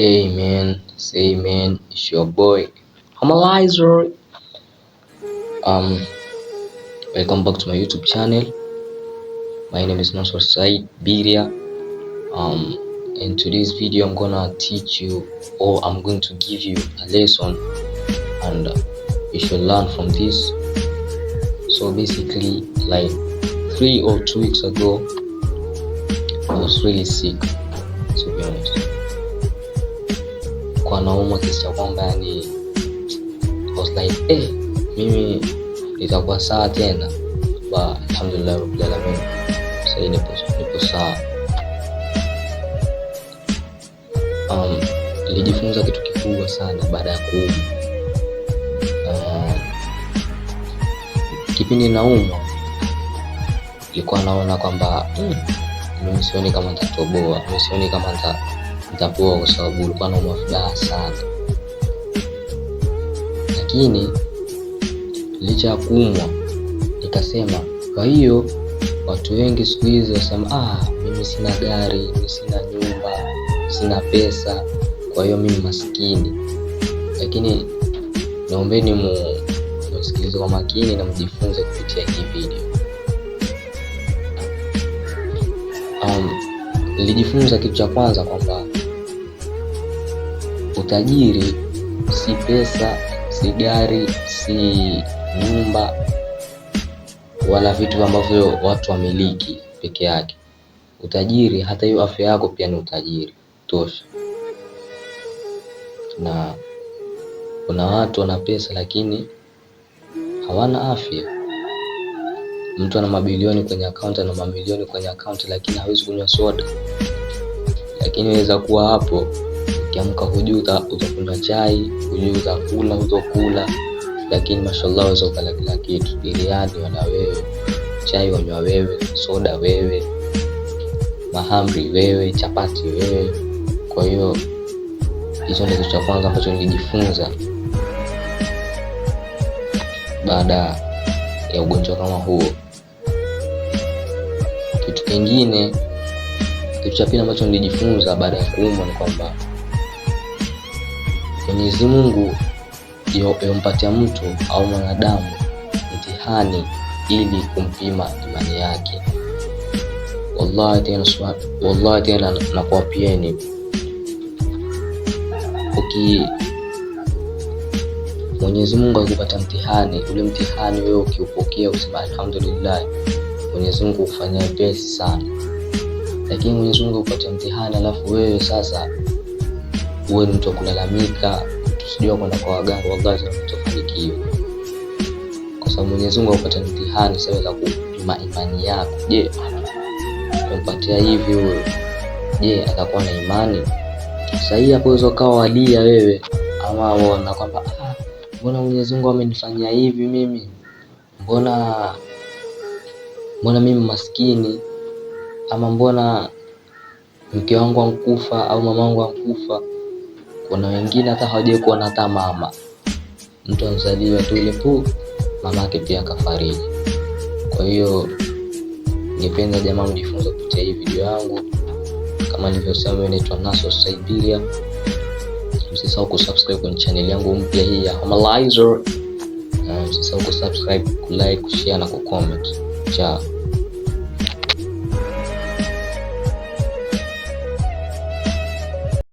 Amen. say amen. it's your boy I'm Homalizer. Um, welcome back to my YouTube channel. My name is Nasser Said Biria. Um, in today's video, I'm gonna teach you, or I'm going to give you a lesson, and uh, you should learn from this. So basically, like three or two weeks ago, I was really sick. To be honest. nilikuwa naumwa kiasi cha kwamba yani like, eh, mimi nitakuwa saa tena ba, alhamdulillah rabbil alamin, sasa nipo nipo sawa. Um, nilijifunza kitu kikubwa sana baada ya kuumwa. Uh, kipindi naumwa ilikuwa naona kwamba hmm, mimi sioni kama nitatoboa, mimi sioni kama nita nitapoa, kwa sababu ulikuwa na umafuraha sana. Lakini licha ya kuumwa, nikasema kwa hiyo watu wengi siku hizi wasema, ah, mimi sina gari, mimi sina nyumba, sina pesa, kwa hiyo mimi maskini. Lakini naombeni msikilize kwa makini na mjifunze kupitia hii video. Um, nilijifunza kitu cha kwanza kwamba Utajiri si pesa, si gari, si nyumba wala vitu ambavyo watu wamiliki peke yake. Utajiri hata hiyo afya yako pia ni utajiri tosha. Na kuna watu wana pesa lakini hawana afya. Mtu ana mabilioni kwenye akaunti, ana mamilioni kwenye akaunti, lakini hawezi kunywa soda, lakini inaweza kuwa hapo Ukiamka hujui utakunywa chai, hujui utakula, utokula, lakini mashallah waweza ukala kila kitu. Biriani wala wewe, chai wanywa wewe, soda wewe, mahamri wewe, chapati wewe. Kwa hiyo hicho ndio kitu cha kwanza ambacho nilijifunza baada ya ugonjwa kama huo. Kitu kingine, kitu cha pili ambacho nilijifunza baada ya kuumwa ni kwamba Mwenyezi Mungu yompatia mtu au mwanadamu mtihani ili kumpima imani yake. Wallahi tena, nakuapieni, uki Mwenyezi Mungu akikupatia mtihani, ule mtihani wewe ukiupokea usema alhamdulillah, Mwenyezi Mungu ufanya pesi sana. Lakini Mwenyezi Mungu akupatia mtihani alafu wewe sasa uwe mtu wa kulalamika, tusijua kwenda kwa waganga, wallahi utafanikiwa, kwa sababu Mwenyezi Mungu mtihani sawa za kupima imani yako. Je, umpatia hivi wewe, je atakuwa na imani sahii Hapo hizo kawa wadia wewe, ama waona kwamba ah, mbona Mwenyezi Mungu amenifanyia hivi mimi, mbona mbona mimi maskini, ama mbona mke wangu ankufa au mama wangu ankufa kuna wengine hata hawajakuwa kuona hata mama, mtu anzaliwa tu ile pu, mama yake pia akafariki. Kwa hiyo nipenda jamaa mjifunze kupitia hii video yangu. Kama nilivyosema, naitwa Naso Siberia. Msisahau kusubscribe kwenye channel yangu mpya hii ya Homalizer. Msisahau kusubscribe, kulike, kushare na kucomment. Ciao.